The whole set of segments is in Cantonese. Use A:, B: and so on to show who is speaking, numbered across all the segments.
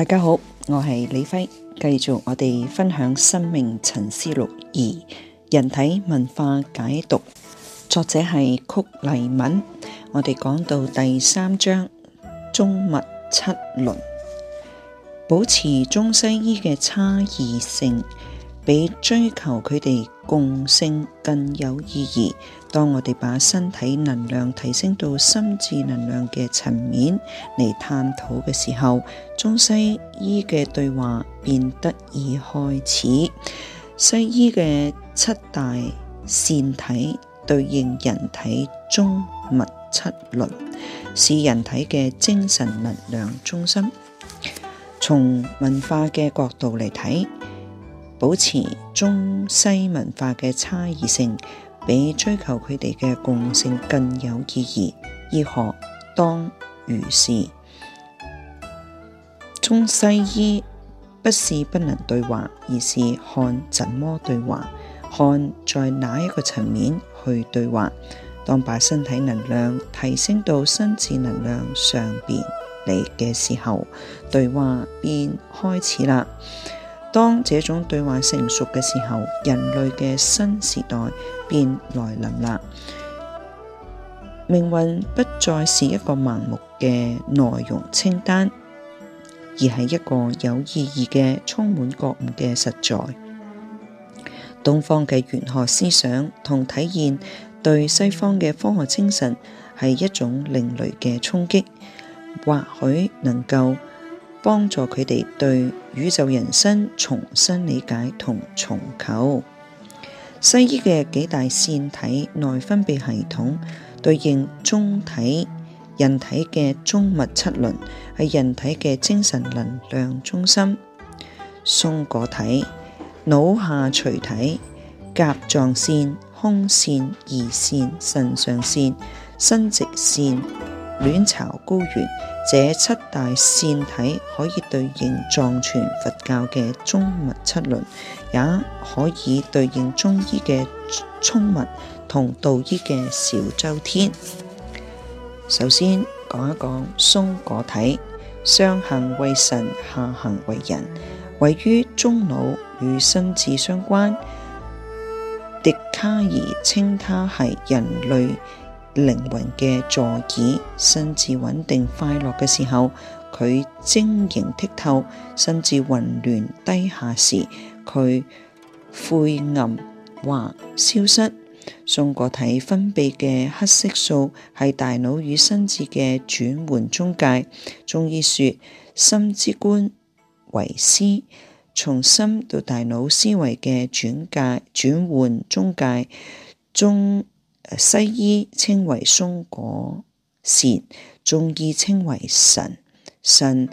A: 大家好，我係李輝，繼續我哋分享《生命沉思錄二：人體文化解讀》，作者係曲黎敏。我哋講到第三章《中脈七輪》，保持中西醫嘅差異性。比追求佢哋共性更有意義。當我哋把身體能量提升到心智能量嘅層面嚟探討嘅時候，中西醫嘅對話便得以開始。西醫嘅七大腺體對應人體中脈七輪，是人體嘅精神能量中心。從文化嘅角度嚟睇，保持中西文化嘅差異性，比追求佢哋嘅共性更有意義。醫學當如是。中西醫不是不能對話，而是看怎麼對話，看在哪一個層面去對話。當把身體能量提升到心智能量上邊嚟嘅時候，對話便開始啦。當這種對話成熟嘅時候，人類嘅新時代便來臨啦。命運不再是一個盲目嘅內容清單，而係一個有意義嘅充滿覺悟嘅實在。東方嘅玄學思想同體現對西方嘅科學精神係一種另類嘅衝擊，或許能夠。幫助佢哋對宇宙人生重新理解同重構。西醫嘅幾大腺體內分泌系統對應中體，人體嘅中脈七輪係人體嘅精神能量中心。松果體、腦下垂體、甲狀腺、胸腺、胰腺、腎上腺、生殖腺。卵巢、高原，這七大腺體可以對應藏傳佛教嘅中脈七輪，也可以對應中醫嘅衝脈同道醫嘅小周天。首先講一講松果體，上行為神，下行為人，位於中腦與心智相關。笛卡爾稱它係人類。靈魂嘅座椅，心智穩定快樂嘅時候，佢晶瑩剔透；甚至混亂低下時，佢晦暗，或消失。松果體分泌嘅黑色素係大腦與心智嘅轉換中介。中醫說，心之官為思，從心到大腦思維嘅轉介轉換中介中。西醫稱為松果腺，中醫稱為神。神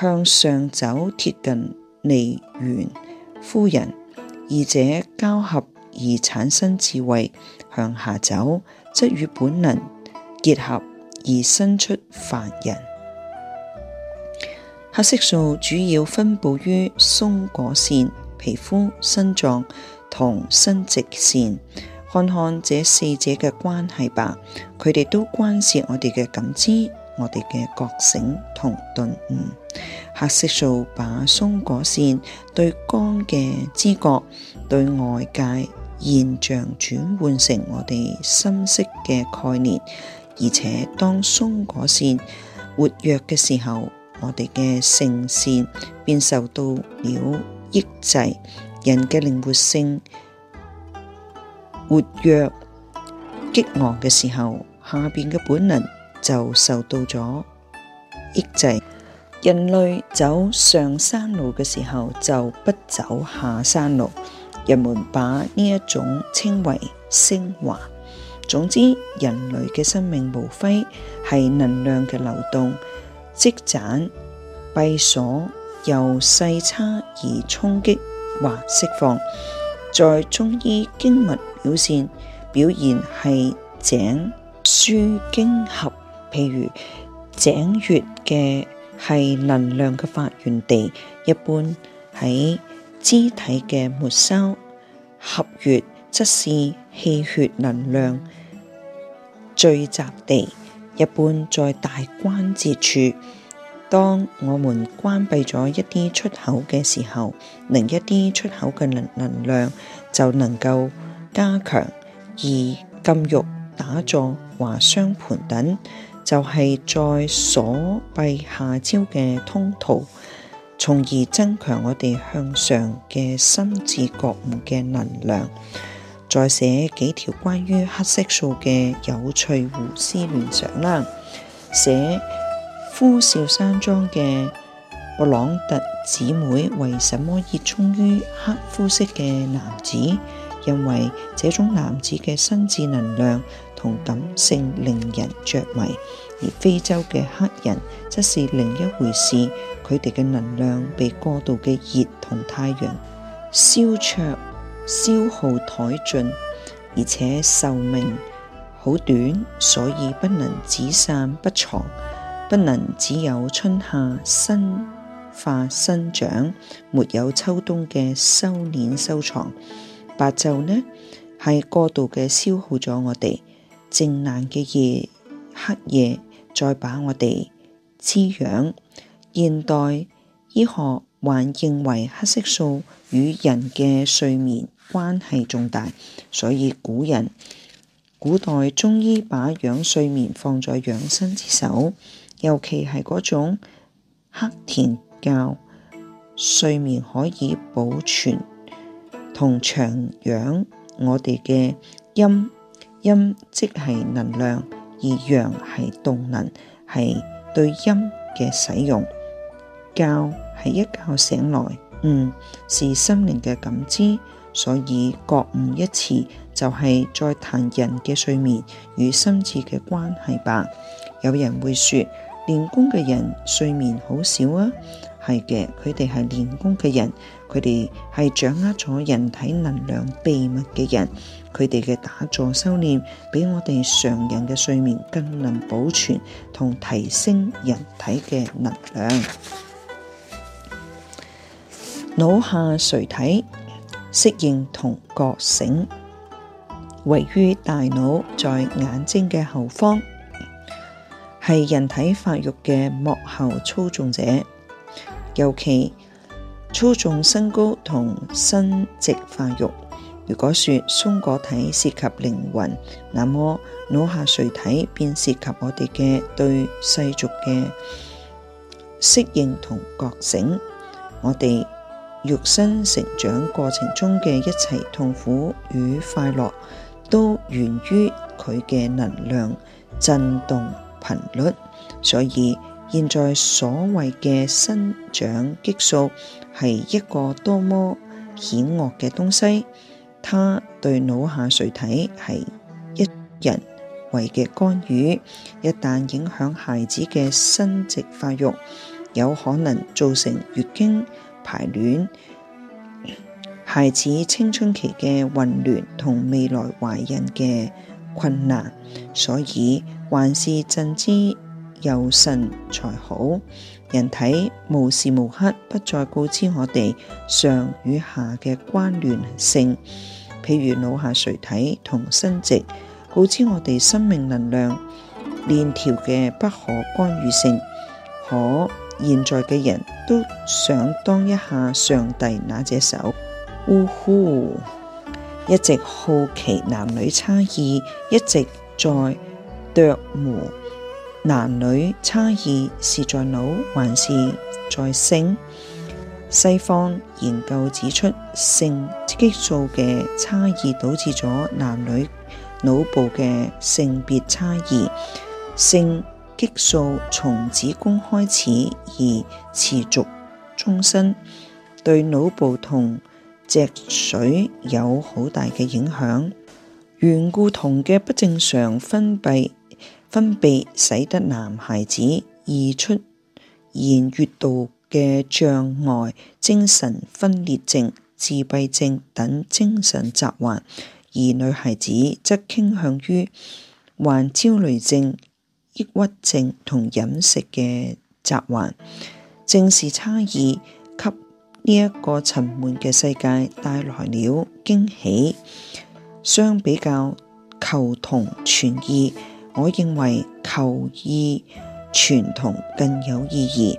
A: 向上走，貼近利元夫人；二者交合而產生智慧。向下走，則與本能結合而生出凡人。黑色素主要分布於松果腺、皮膚、心臟同生殖腺。看看這四者嘅關係吧，佢哋都關涉我哋嘅感知、我哋嘅覺醒同頓悟。黑色素把松果腺對光嘅知覺對外界現象轉換成我哋心識嘅概念，而且當松果腺活躍嘅時候，我哋嘅性腺便受到了抑制，人嘅靈活性。活躍、激昂嘅時候，下邊嘅本能就受到咗抑制。人類走上山路嘅時候，就不走下山路。人們把呢一種稱為升華。總之，人類嘅生命無非係能量嘅流動、積攢、閉鎖、由細差而衝擊或釋放。在中醫經脈。表現表現係井輸經合，譬如井穴嘅係能量嘅發源地，一般喺肢體嘅末梢；合穴則是氣血能量聚集地，一般在大關節處。當我們關閉咗一啲出口嘅時候，另一啲出口嘅能能量就能夠。加強而禁欲打坐或雙盤等，就係、是、在鎖閉下焦嘅通道，從而增強我哋向上嘅心智覺悟嘅能量。再寫幾條關於黑色素嘅有趣胡思亂想啦。寫呼嘯山莊嘅勃朗特姊妹為什麼熱衷於黑膚色嘅男子？因為這種男子嘅心智能量同感性令人着迷，而非洲嘅黑人則是另一回事。佢哋嘅能量被過度嘅熱同太陽燒灼、消耗殆盡，而且壽命好短，所以不能只散不藏，不能只有春夏生化生長，沒有秋冬嘅收斂收藏。白晝呢，係過度嘅消耗咗我哋靜藍嘅夜、黑夜，再把我哋滋養。現代醫學還認為黑色素與人嘅睡眠關係重大，所以古人、古代中醫把養睡眠放在養生之首，尤其係嗰種黑甜覺，睡眠可以保存。同長養我哋嘅陰陰，即係能量；而陽係動能，係對陰嘅使用。覺係一覺醒來，悟是心靈嘅感知。所以覺悟一詞就係在談人嘅睡眠與心智嘅關係吧。有人會說，練功嘅人睡眠好少啊。係嘅，佢哋係練功嘅人。佢哋係掌握咗人體能量秘密嘅人，佢哋嘅打坐修煉比我哋常人嘅睡眠更能保存同提升人體嘅能量。腦下垂體適應同覺醒，位於大腦在眼睛嘅後方，係人體發育嘅幕後操縱者，尤其。操縱身高同生殖發育。如果說松果體涉及靈魂，那麼腦下垂體便涉及我哋嘅對世俗嘅適應同覺醒。我哋肉身成長過程中嘅一切痛苦與快樂，都源於佢嘅能量震動頻率。所以。現在所謂嘅生長激素係一個多麼險惡嘅東西，它對腦下垂體係一人為嘅干預，一旦影響孩子嘅生殖發育，有可能造成月經排卵、孩子青春期嘅混亂同未來懷孕嘅困難，所以還是盡知。有神才好，人體無時無刻不再告知我哋上與下嘅關聯性，譬如腦下垂體同生殖，告知我哋生命能量鏈條嘅不可干預性。可現在嘅人都想當一下上帝那隻手，嗚呼！一直好奇男女差異，一直在琢磨。男女差異是在腦還是在性？西方研究指出，性激素嘅差異導致咗男女腦部嘅性別差異。性激素從子宮開始而持續終身，對腦部同脊髓有好大嘅影響。原故同嘅不正常分泌。分泌使得男孩子易出現閱讀嘅障礙、精神分裂症、自閉症等精神疾患，而女孩子則傾向於患焦慮症、抑鬱症同飲食嘅疾患。正是差異，給呢一個沉悶嘅世界帶來了驚喜。相比較，求同存異。我認為求異傳統更有意義，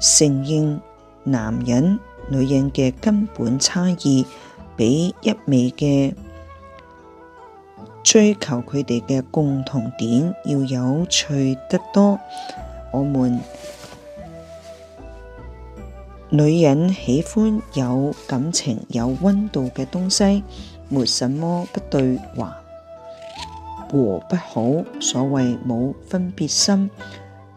A: 承認男人、女人嘅根本差異，比一味嘅追求佢哋嘅共同點要有趣得多。我們女人喜歡有感情、有温度嘅東西，沒什麼不對話。和不好，所謂冇分別心，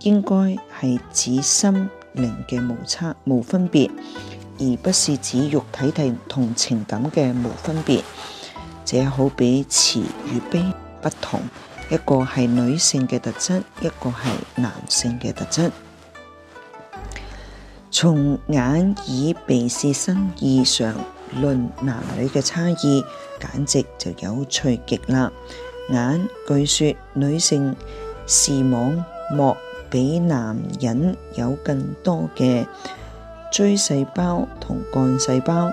A: 應該係指心靈嘅無差無分別，而不是指肉體體同情感嘅無分別。這好比慈與悲不同，一個係女性嘅特質，一個係男性嘅特質。從眼耳鼻舌身意上論男女嘅差異，簡直就有趣極啦！眼據說女性視網膜比男人有更多嘅錐細胞同桿細胞，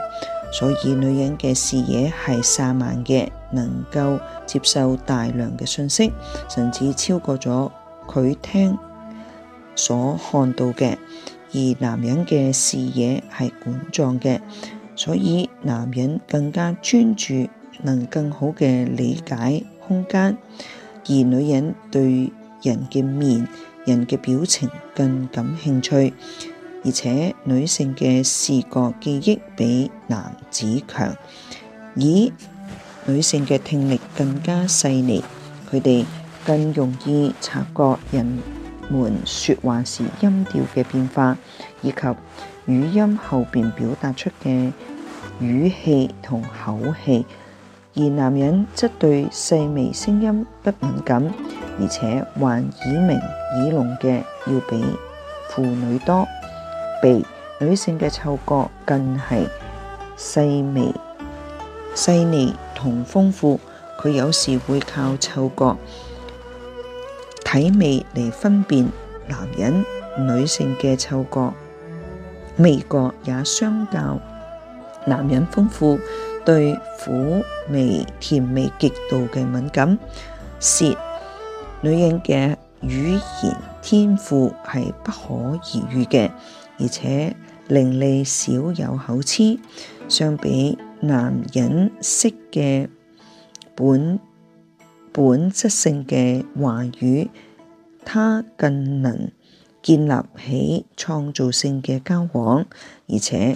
A: 所以女人嘅視野係散漫嘅，能夠接受大量嘅信息，甚至超過咗佢聽所看到嘅。而男人嘅視野係管狀嘅，所以男人更加專注，能更好嘅理解。空間，而女人對人嘅面、人嘅表情更感興趣，而且女性嘅視覺記憶比男子強，而女性嘅聽力更加細膩，佢哋更容易察覺人們說話時音調嘅變化，以及語音後面表達出嘅語氣同口氣。而男人則對細微聲音不敏感，而且患耳鳴、耳聾嘅要比婦女多。鼻，女性嘅嗅覺更係細微、細膩同豐富，佢有時會靠嗅覺、體味嚟分辨男人、女性嘅嗅覺。味覺也相較男人豐富。對苦味、甜味極度嘅敏感，舌，女人嘅語言天賦係不可言喻嘅，而且伶俐少有口痴，相比男人式嘅本本質性嘅話語，她更能建立起創造性嘅交往，而且。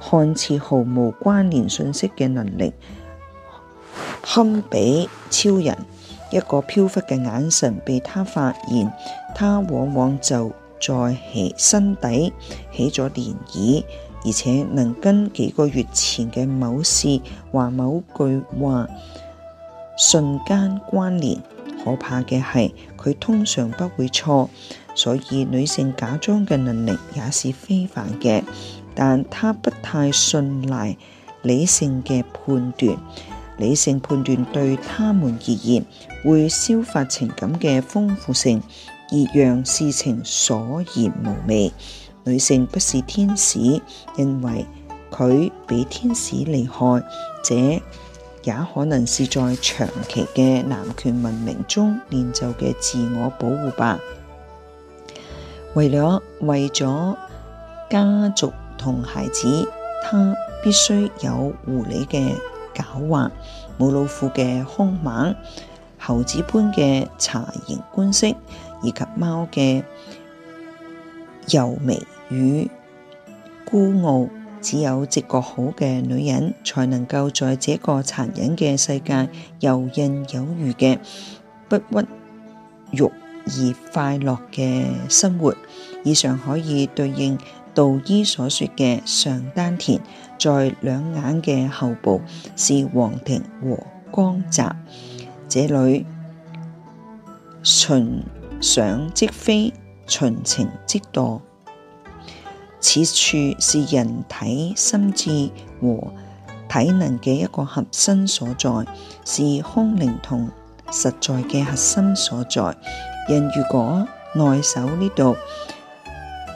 A: 看似毫無關聯信息嘅能力，堪比超人。一個飄忽嘅眼神被他發現，他往往就在起心底起咗漣漪，而且能跟幾個月前嘅某事或某句話瞬間關聯。可怕嘅係，佢通常不會錯，所以女性假裝嘅能力也是非凡嘅。但他不太信賴理性嘅判斷，理性判斷對他們而言會消化情感嘅豐富性，而讓事情索然無味。女性不是天使，因為佢比天使厲害，這也可能是在長期嘅男權文明中練就嘅自我保護吧。為咗為咗家族。同孩子，他必須有狐狸嘅狡猾，母老虎嘅兇猛，猴子般嘅察言觀色，以及貓嘅柔媚與孤傲。只有直覺好嘅女人，才能夠在這個殘忍嘅世界游刃有餘嘅不屈辱而快樂嘅生活。以上可以對應。道醫所說嘅上丹田，在兩眼嘅後部，是黃庭和光澤。這裏，純想即飛，純情即墮。此處是人體心智和體能嘅一個核心所在，是空靈同實在嘅核心所在。人如果內守呢度，